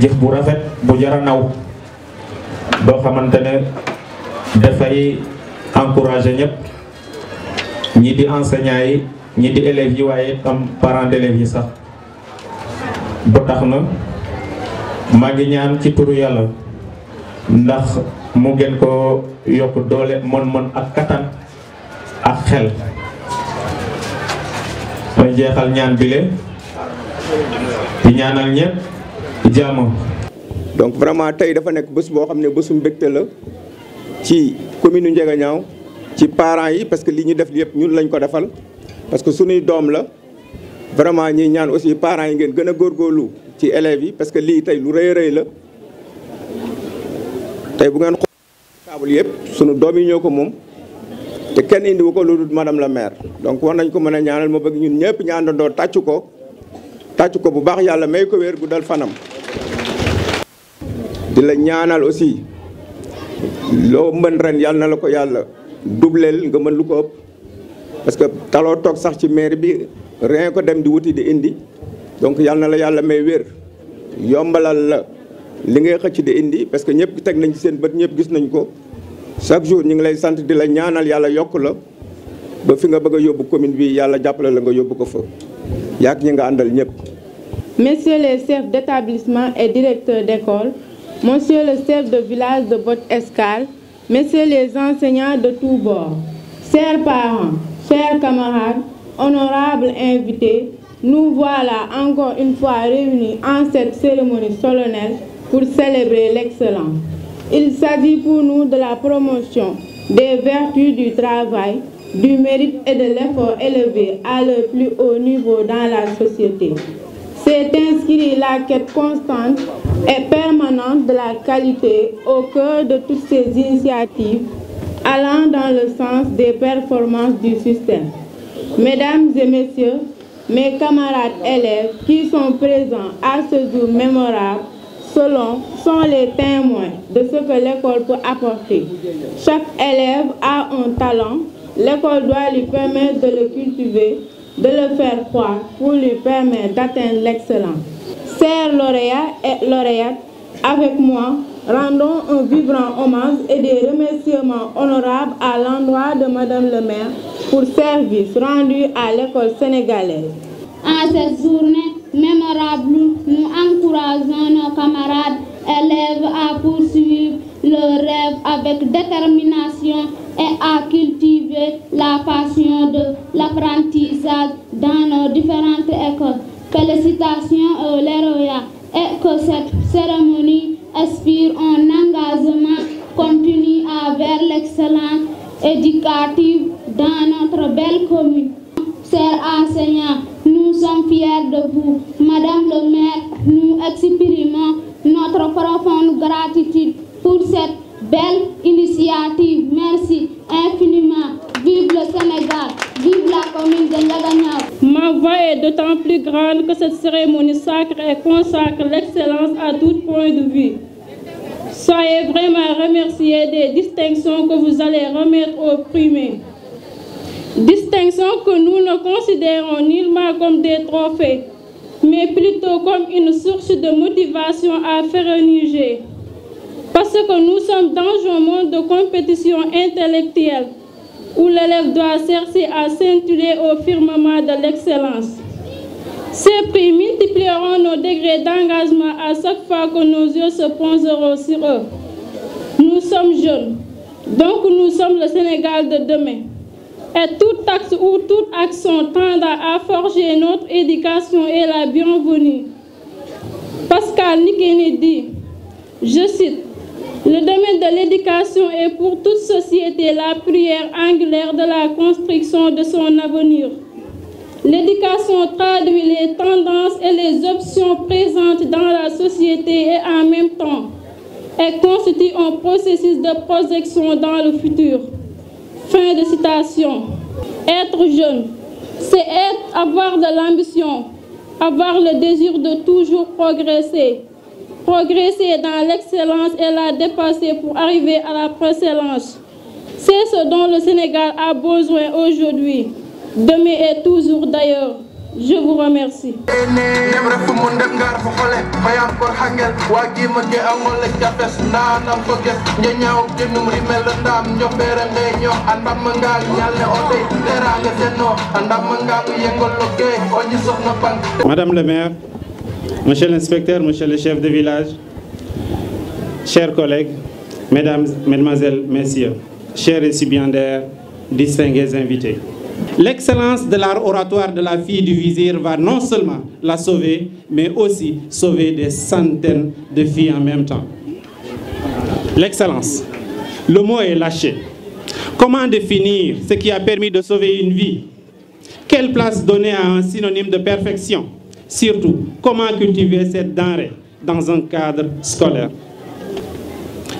jëf bu rafet bu jara naw bo xamantene ne fay encourager ñep ñi di enseignant yi ñi di élève yi waye tam parents d'élèves yi sax ba tax na ñaan ci turu yalla ndax mu gën ko yok doole mon mon ak katan ak xel ñaan bile ñaanal ñëpp donc vraiment tay dafa nek bëss bo xamné ne bésum la ci commune u Ndiagañaaw ci parents yi parce que li ñu def yépp ñun lañ ko défal parce que suñu doom la vraiment ñi ñaan aussi parents yi ngeen gën a góorgóorlu ci élèves yi parce que li tay lu rëy rëy la tay bu ngeen xol table yépp suñu doom yi ñoko mom moom te kenn indiwu ko lu dul madame la maire donc war nañ ko mëna ñaanal mo bëgg ñun ñëpp ñu do taccu ko tàcc ko bu baax yàlla may ko wér guddal fanam di la ñaanal aussi loo mën ren yàlla na la ko yàlla dubleel nga mën lu ko ëpp parce que taloo toog sax ci maire bi rien ko dem di wuti di indi donc yàlla na la yàlla may wér yombalal la li ngay xëcc di indi parce que ñëpp teg nañ ci seen bët ñëpp gis nañ ko chaque jour ñu ngi lay sant di la ñaanal yàlla yokk la ba fi nga bëgg a yóbbu commune bi yàlla jàppale la nga yóbbu ko fa yaak ñi nga àndal ñëpp messieurs les chefs d'établissement et directeurs d'école, monsieur le chef de village de Botte-Escale, messieurs les enseignants de tous bords, chers parents, chers camarades, honorables invités, nous voilà encore une fois réunis en cette cérémonie solennelle pour célébrer l'excellence. Il s'agit pour nous de la promotion des vertus du travail, du mérite et de l'effort élevé à le plus haut niveau dans la société. C'est inscrit la quête constante et permanente de la qualité au cœur de toutes ces initiatives allant dans le sens des performances du système. Mesdames et messieurs, mes camarades élèves qui sont présents à ce jour mémorable selon, sont les témoins de ce que l'école peut apporter. Chaque élève a un talent, l'école doit lui permettre de le cultiver de le faire croire pour lui permettre d'atteindre l'excellence. Chers lauréats et lauréates, avec moi, rendons un vibrant hommage et des remerciements honorables à l'endroit de Madame le maire pour service rendu à l'école sénégalaise. En cette journée mémorable, nous encourageons nos camarades élèves à poursuivre leur rêve avec détermination et à cultiver la passion de l'apprentissage dans nos différentes écoles. Félicitations au Leroya et que cette cérémonie inspire un engagement continu vers l'excellence éducative dans notre belle commune. Chers enseignants, nous sommes fiers de vous. Madame le maire, nous exprimons notre profonde gratitude pour cette belle initiative. Merci infiniment. Vive le Sénégal. Vive la commune de Ma voix est d'autant plus grande que cette cérémonie sacre et consacre l'excellence à tout point de vue. Soyez vraiment remerciés des distinctions que vous allez remettre aux primés. Distinctions que nous ne considérons nullement comme des trophées, mais plutôt comme une source de motivation à faire un Parce que nous sommes dans un monde de compétition intellectuelle où l'élève doit chercher à s'intuler au firmament de l'excellence. Ces prix multiplieront nos degrés d'engagement à chaque fois que nos yeux se poseront sur eux. Nous sommes jeunes, donc nous sommes le Sénégal de demain. Et toute taxe ou toute action tendra à forger notre éducation et la bienvenue. Pascal Nikini dit, je cite, le domaine de l'éducation est pour toute société la prière angulaire de la construction de son avenir. L'éducation traduit les tendances et les options présentes dans la société et en même temps, elle constitue un processus de projection dans le futur. Fin de citation. Être jeune, c'est être, avoir de l'ambition, avoir le désir de toujours progresser, progresser dans l'excellence et la dépasser pour arriver à la précellence. C'est ce dont le Sénégal a besoin aujourd'hui, demain et toujours d'ailleurs. Je vous remercie. Madame le maire, Monsieur l'inspecteur, monsieur le chef de village, chers collègues, mesdames, mesdemoiselles, messieurs, chers récipiendaires, distingués invités. L'excellence de l'art oratoire de la fille du vizir va non seulement la sauver, mais aussi sauver des centaines de filles en même temps. L'excellence. Le mot est lâché. Comment définir ce qui a permis de sauver une vie Quelle place donner à un synonyme de perfection Surtout, comment cultiver cette denrée dans un cadre scolaire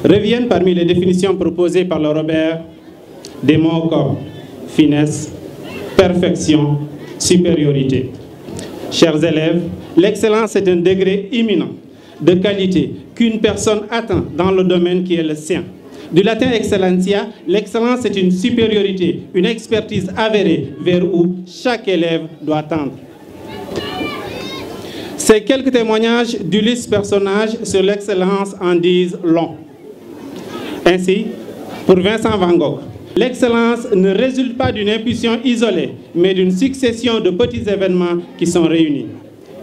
Reviennent parmi les définitions proposées par le Robert des mots comme finesse, perfection, supériorité. Chers élèves, l'excellence est un degré imminent de qualité qu'une personne atteint dans le domaine qui est le sien. Du latin excellentia, l'excellence est une supériorité, une expertise avérée vers où chaque élève doit tendre. Ces quelques témoignages d'Ulysse personnage sur l'excellence en disent long. Ainsi, pour Vincent Van Gogh, l'excellence ne résulte pas d'une impulsion isolée, mais d'une succession de petits événements qui sont réunis.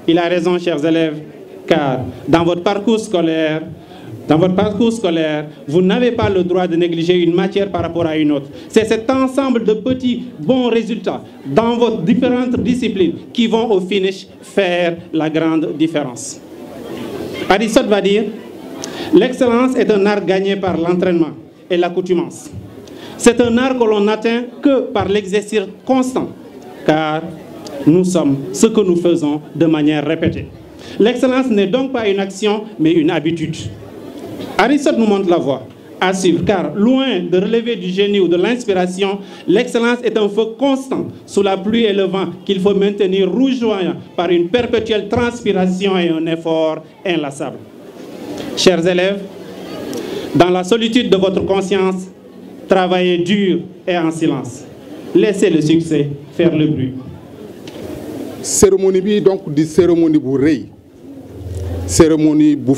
Il a raison, chers élèves, car dans votre parcours scolaire, dans votre parcours scolaire, vous n'avez pas le droit de négliger une matière par rapport à une autre. C'est cet ensemble de petits bons résultats dans vos différentes disciplines qui vont au finish faire la grande différence. Aristote va dire, l'excellence est un art gagné par l'entraînement et l'accoutumance. C'est un art que l'on n'atteint que par l'exercice constant, car nous sommes ce que nous faisons de manière répétée. L'excellence n'est donc pas une action, mais une habitude. Aristote nous montre la voie à suivre, car loin de relever du génie ou de l'inspiration, l'excellence est un feu constant sous la pluie et le vent qu'il faut maintenir rougeoyant par une perpétuelle transpiration et un effort inlassable. Chers élèves, dans la solitude de votre conscience, travaillez dur et en silence. Laissez le succès faire le bruit. Cérémonie donc du cérémonie bu cérémonie bu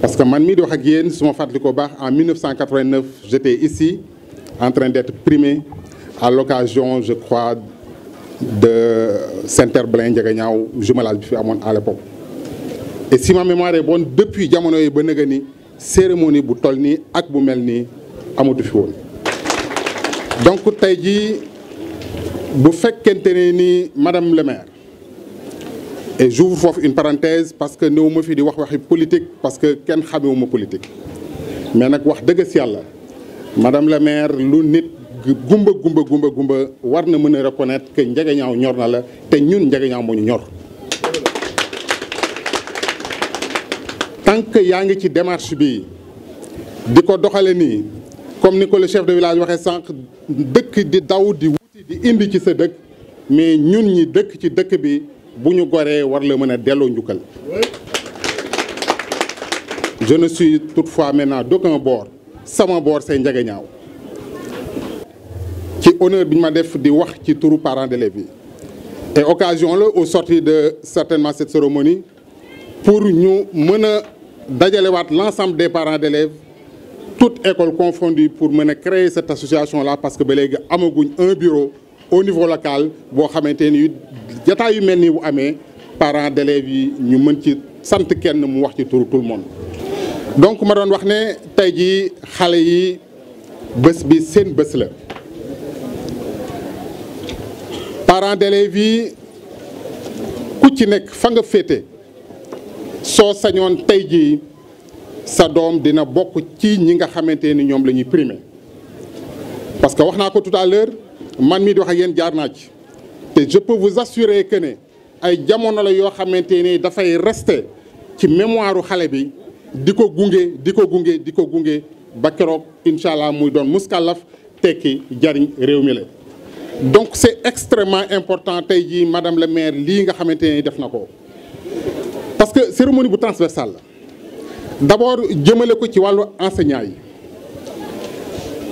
parce que man mii di en 1989 j'étais ici en train d'être primé à l'occasion je crois de Saint-Herblain où je me fi fait à l'époque et si ma mémoire est bonne depuis que j'ai ba nëga cérémonie bu toll nii ak bu mel fi donc je vous bu Je madame le maire et j'ouvre foofu une parenthèse parce que nous ma fi di wax waxi politique parce que kenn xamewu ma politique mais nag wax dëgg si madame la maire lu nit gumba gumba gumba gumba war na mën reconnaître que Ndiagañaaw ñor na la te ñun a moo ñu ñor tant que a ngi ci démarche bi di ko doxale comme ni chef de village récent, sànq dëkk di daw di wuti di indi ci sa dëkk mais ñun ñi dëkk ci dëkk bi buñu goré war la mëna délo ñukal je ne suis toutefois maintenant d'aucun bord sama bord, c'est c'est un ci honneur bi ma def di wax ci parents d'élèves et occasion le au sortir de certainement cette cérémonie pour ñu mëna dajalé l'ensemble des parents d'élèves toute école confondue pour mener créer cette association là parce que ba léegi amaguñ un bureau au niveau local pour xamanténi jataay yu mel ni bu amee parent d'élèves yi ñu mën ci sant kenn mu wax ci turu tout le monde donc ma doon wax ne tey jii xale yi bés bi seen bés la parent d'élèves yi ku ci nekk fa nga féete soo sañoon tey jii sa doom dina bokk ci ñi nga xamante ni ñoom la ñuy primé parce que wax naa ko tout à l'heure man mii di wax ak yéen jaar naa ci Et je peux vous assurer que ne ay jamono la yoo xamante ni dafay rester ci mémoire xale bi diko gungé, diko gungé, diko gunge di inshallah gunge ba keroog muy doon jariñ la. donc c'est extrêmement important tay ji madame le maire li nga xamante def nako ko parce que cérémonie bu transversale D'abord, jëmele ko ci walu enseignant yi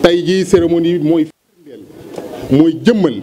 tey cérémonie moy mooy firndeel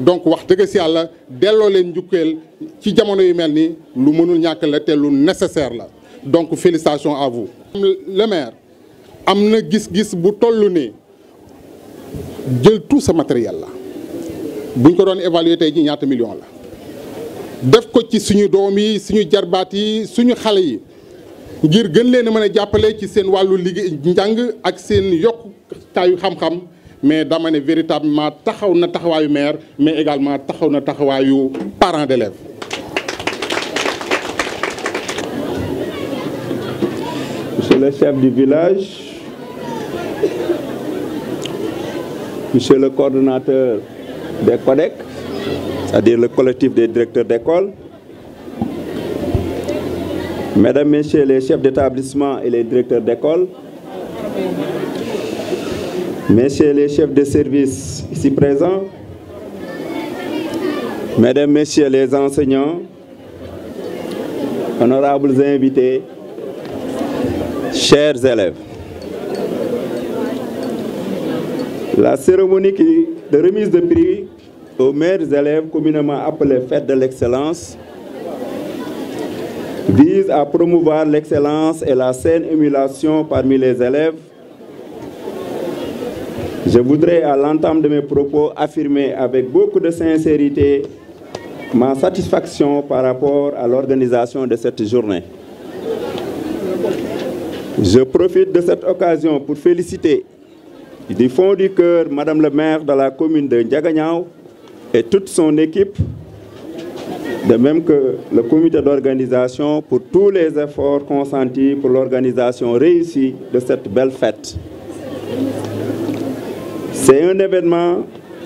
donc wax dëgg si yàlla delloo leen njukkeel ci jamono yu melni lu mënul ñak la té lu nécessaire la donc félicitations à vous. le maire amna gis-gis bu tollu ni jël tout ce matériel la buñ ko doon évaluer tay ji ñaata million la. def ko ci suñu doom yi suñu jarbaat yi suñu xalé yi ngir gën leen mëna mën ci seen walu liggéey njàng ak seen tayu xam-xam mais dans véritablement mais également parents d'élèves monsieur le chef du village monsieur le coordonnateur des CODEC c'est-à-dire le collectif des directeurs d'école mesdames messieurs les chefs d'établissement et les directeurs d'école messieurs les chefs de service ici présents, mesdames, messieurs les enseignants, honorables invités, chers élèves, la cérémonie de remise de prix aux meilleurs élèves communément appelée Fête de l'Excellence vise à promouvoir l'excellence et la saine émulation parmi les élèves je voudrais, à l'entame de mes propos, affirmer avec beaucoup de sincérité ma satisfaction par rapport à l'organisation de cette journée. Je profite de cette occasion pour féliciter du fond du cœur Madame le maire de la commune de Ndiaganyao et toute son équipe, de même que le comité d'organisation pour tous les efforts consentis pour l'organisation réussie de cette belle fête. C'est un événement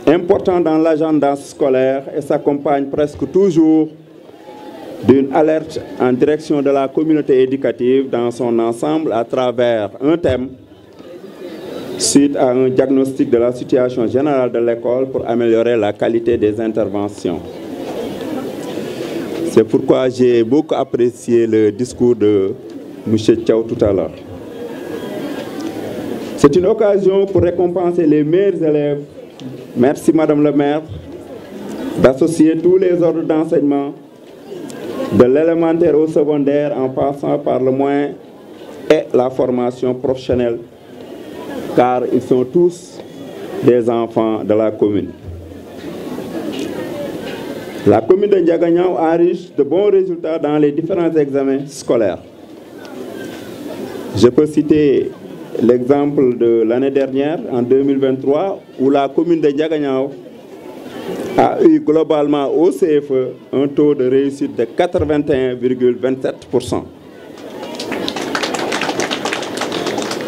important dans l'agenda scolaire et s'accompagne presque toujours d'une alerte en direction de la communauté éducative dans son ensemble à travers un thème suite à un diagnostic de la situation générale de l'école pour améliorer la qualité des interventions. C'est pourquoi j'ai beaucoup apprécié le discours de M. Tchao tout à l'heure. C'est une occasion pour récompenser les meilleurs élèves. Merci Madame le maire d'associer tous les ordres d'enseignement, de l'élémentaire au secondaire en passant par le moins et la formation professionnelle, car ils sont tous des enfants de la commune. La commune de a riche de bons résultats dans les différents examens scolaires. Je peux citer l'exemple de l'année dernière, en 2023, où la commune de Diagagnao a eu globalement au CFE un taux de réussite de 81,27%.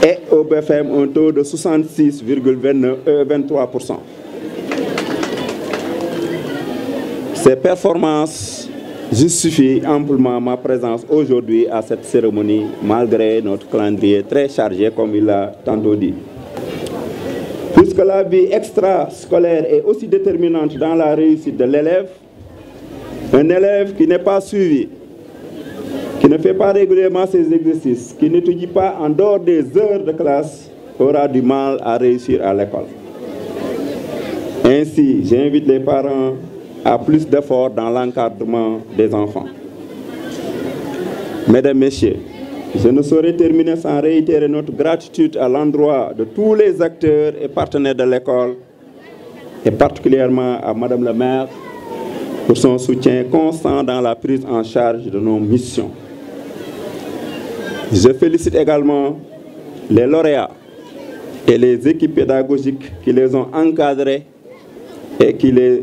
Et au BFM, un taux de 66,23%. Euh, Ces performances justifie amplement ma présence aujourd'hui à cette cérémonie, malgré notre calendrier très chargé, comme il l'a tantôt dit. Puisque la vie extrascolaire est aussi déterminante dans la réussite de l'élève, un élève qui n'est pas suivi, qui ne fait pas régulièrement ses exercices, qui n'étudie pas en dehors des heures de classe, aura du mal à réussir à l'école. Ainsi, j'invite les parents à plus d'efforts dans l'encadrement des enfants. Mesdames, Messieurs, je ne saurais terminer sans réitérer notre gratitude à l'endroit de tous les acteurs et partenaires de l'école, et particulièrement à Madame la maire pour son soutien constant dans la prise en charge de nos missions. Je félicite également les lauréats et les équipes pédagogiques qui les ont encadrés et qui les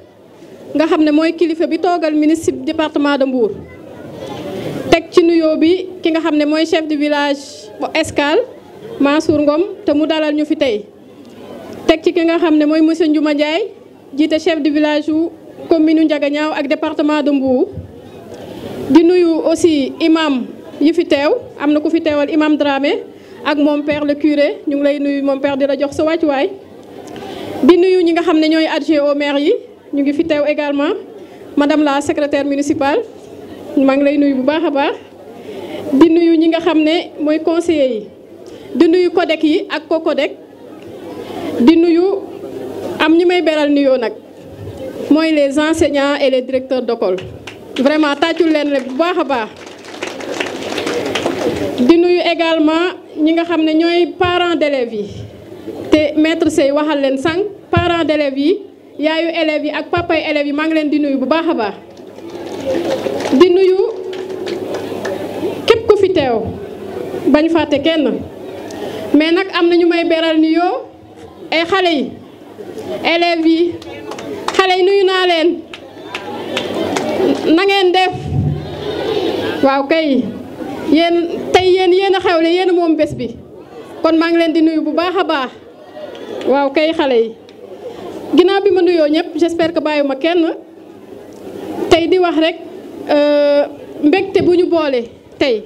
nga xam moy mooy kilifa bi togal ministre département de Mbour tek ci nuyo bi ki nga xam moy chef de village bu Escale Mansour Ngom te mu dalal ñu fi tay tek ci ki nga xam moy mooy monsieur Ndiouma Ndiaye jité chef de village wu commune Ndiaganiao ak département de Mbour di nuyu aussi imam yi fi teew am ku fi tewal imam Dramé ak mon père le curé ñu lay nuyu mon père dila la jox sa way di nuyu ñi nga xam ñoy ñooy au maire yi ñu ngi fi également madame la secrétaire municipale maa ngi lay nuyu bu baax a baax di nuyu ñi nga xam ne mooy conseillers yi di nuyu codec yi ak ko codec di nuyu am ñi may beral nuyoo nag mooy les enseignants et les directeurs d'école vraiment tàccul leen bu baax a baax di nuyu également ñi nga xam ne parents d'élèves yi maître Sey waxal leen sànq parents d'élèves yi yaayu élèves yi ak papay élèves yi maa ngi leen di nuyu bu baax a baax di nuyu képp ku fi teew bañ fàtte kenn mais nag am na ñu may beral ni yoo ay xale yi élèves yi xale yi nuyu naa leen nangeen ngeen def waaw kay yéen tey yéen yéen xew xewle yéen a moom bés bi kon maa ngi leen di nuyu bu baax a baax waaw kay xale yi ginnaaw bi ma nuyoo ñëpp j'espère que bàyyi ma kenn tey di wax rek euh, mbégte bu ñu boole tey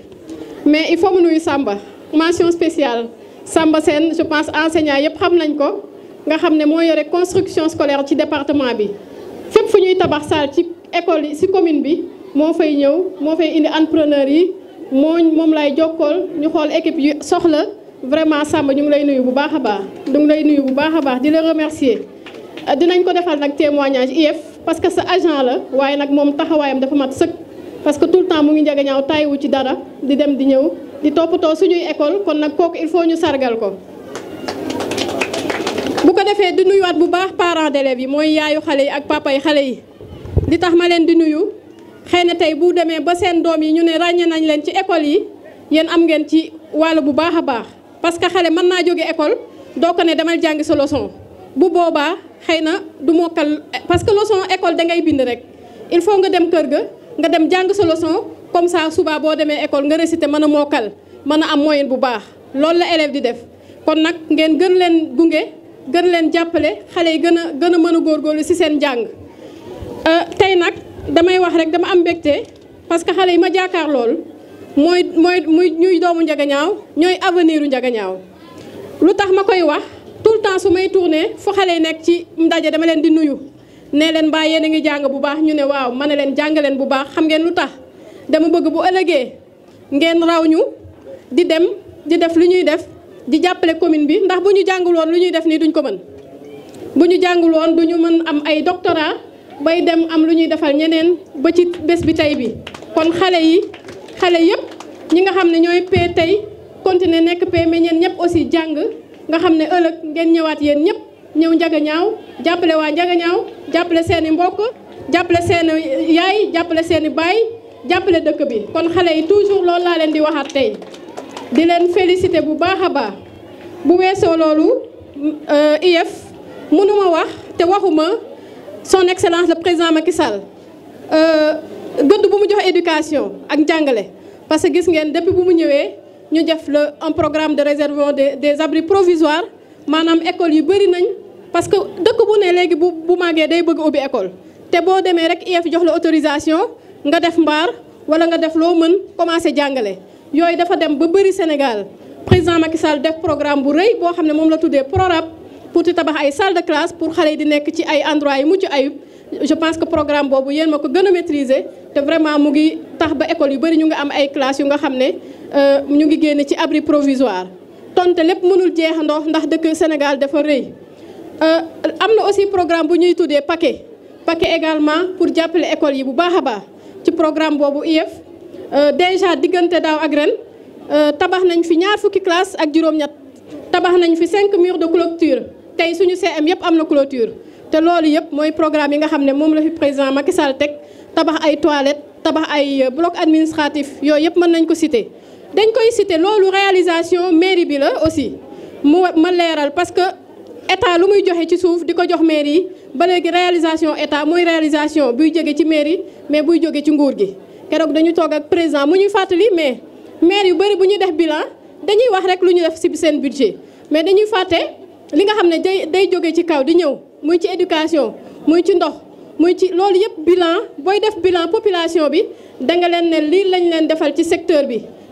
mais il faut mu nuyu Samba mention spéciale Samba Sène je pense enseignant yëpp xam nañ ko nga xam ne moo yore construction scolaire ci département bi fépp fu ñuy tabax saal ci école yi ci commune bi moo fay ñëw moo fay indi entrepreneur yi moo moom lay jokkool ñu xool équipe yu soxla vraiment Samba ñu ngi lay nuyu bu baax a baax ngi lay nuyu bu baax a baax di la remercier Euh, dinañ ko defal nak témoignage IF parce que sa agent la waye nag mom taxawayam dafa mat seuk parce que tout le temps mu ngi njagañaaw tàyyiwu ci dara di dem di ñew di topoto suñuy école kon nak kok il faut ñu sargal ko bu ko defé di nuyuwaat bu baax parents d'élèves yi moy yaayu xalé yi ak papa yi xalé yi li tax ma leen di nuyu xeyna tay bu démé ba sen dom yi ñu ne ràññee nañ leen ci école yi yeen am ngeen ci walu bu baaxa baax parce que xalé man na joggé école do ko né demal jang ci leçon bu boobaa xëy na du mokkal parce que leçon école da ngay bind rek il faut nga dem kër ga nga dem jàng sa leçon comme ça suba boo demee école nga réciter mën a mokkal mën a am moyen bu baax loolu la élève di def kon nag ngeen gën leen gunge gën leen jàppale xale yi gën a gën a mën a góorgóorlu ci seen njàng euh, tey nag damay wax rek dama am mbégte parce que xale yi ma jaakaar lool mooy mooy muy ñuy doomu Ndiaganiao ñooy avenir u Ndiaganiao lu tax ma koy wax tout temps su may tourné fu xale yi nekk ci ndaje dama leen di nuyu nee leen mbaa yéen ngi jàng bu baax ñu ne waaw ma ne leen jàng leen bu baax xam ngeen lu tax dama bëgg bu ëllëgee ngeen raw ñu di dem di def lu ñuy def di jàppale commune bi ndax bu ñu jàngul woon lu ñuy def nii duñu ko mën bu ñu jàngul woon du ñu mën am ay doctorat bay dem am lu ñuy defal ñeneen ba ci bés bi tey bi kon xale yi xale yëpp ñi nga xam ne ñooy P tey continuer nekk P mais ñeen ñëpp aussi jàng nga xamne euleuk ngeen ñëwaat yeen ñëpp ñëw njaga ñaaw jàppale wa njaga ñaaw jàppale seen mbokk jàppale seen yaay jàppale seen bay baay dekk bi kon xalé yi toujours lool la leen di waxat tay di leen féliciter bu baaxa ba bu wéso loolu euh, IF mënuma wax té waxuma son excellence le président Macky Sall euh, gëdd bu mu jox éducation ak jàngalé parce que gis ngeen depuis bu mu ñëwé ñu def un programme de réservation des des abris provisoires Manam école yu bëri nañ parce que de bu ne légui bu bu màggee day bëgg ubbi école té bo démé rek IF jox la autorisation nga def mbar wala nga def lo mën commencer jàngalé yoy dafa dem ba bëri Sénégal président Macky Sall def programme bu reuy bo xamné mom la tuddee PRORAB pour di tabax ay salle de classe pour xalé di nekk ci ay endroit, yi muccu ayib je pense que programme bobu yeen mako gëna maîtriser té vraiment mu ngi tax ba école yu bëri ñu nga am ay classe yu nga xamné euh, ñu ngi génn ci abri provisoire tonte lépp mënul jeexandoo ndax dëkk Sénégal dafa rëy euh, am na aussi programme bu ñuy tuddee paquet paquet également pour jàppale école yi bu baax ci programme boobu IEF euh, déjà diggante daaw ak ren tabax nañ fi ñaar classe ak juróom-ñett tabax nañ fi cinq murs de clôture Tay suñu CM yépp am clôture té loolu yépp moy programme yi nga xamné ne la fi président Macky Sall teg tabax ay toilettes tabax ay bloc administratif yoy yépp mën nañ ko citer dañ koy cité lolu réalisation mairie bi la aussi mu ma leeral parce que état lu muy joxé ci souf diko jox mairie ba réalisation état moy réalisation buy jogé ci mairie mais buy jogé ci nguur gi kérok dañu toog ak président mu ñuy mais maire yu bari bu ñuy def bilan dañuy wax rek lu ñu def ci sen budget mais dañuy faté, li nga xamné day day ci kaw di ñew muy ci éducation muy ci ndox muy ci lolu yépp bilan boy def bilan population bi da nga leen ne lañ leen defal ci secteur bi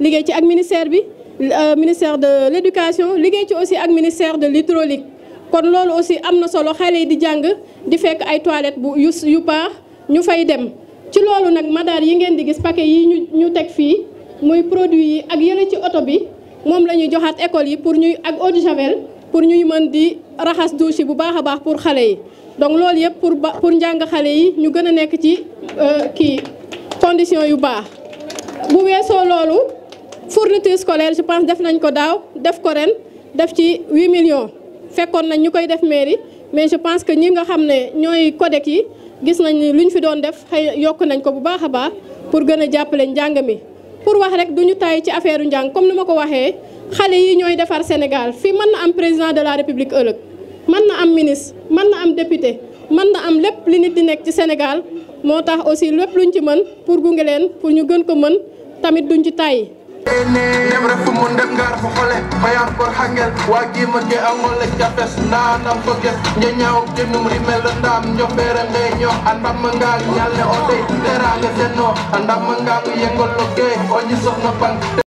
liggéey ci ak ministère bi euh, ministère de l'éducation liggéey ci aussi ak ministère de l'hydraulique kon lool aussi amna solo xalé yi di jang di fekk ay toilettes bu yu yu baax ñu fay dem ci loolu nak madar yi ngeen di gis paquet yi ñu ñu tek fi muy produit yi ak yële ci auto bi mom lañuy joxat école yi pour ñuy ak eau de javel pour ñuy mën di raxas douche bu baaxa baax pour xalé yi donc lool yépp pour pour njàng xalé yi ñu gëna nekk ci euh, ki condition yu baax bu weesoo loolu fourniture scolaire je pense def nañ ko daaw def ko ren def ci 8 millions fekkoon nañ ñu koy def mairie mais je pense que ñi nga xam ne ñooy codec yi gis nañ ni lu ñu fi doon def xëy yokk nañ ko bu baax a baax pour gën a jàppale njàng mi. pour wax rek du ñu taay ci affaire njàng comme ni ma ko waxee xale yi ñooy defar Sénégal fii mën na am président de la république ëllëg mën na am ministre mën na am député mën na am lépp li nit di nekk ci Sénégal moo tax aussi lépp luñ ci mën pour gunge leen pour ñu gën ko mën tamit duñ ci taay. nem rek fu mu ndem ngaar fo xole bayaan kor xangel waa giima ke a ngole capes ndaanam fo ges njeñaaw jenum rimel ndaam njombere ngeeño a ndam ngaag ñalle o dey teraanga seno a ndam ngaag yengol lo ke o ñi soxna bang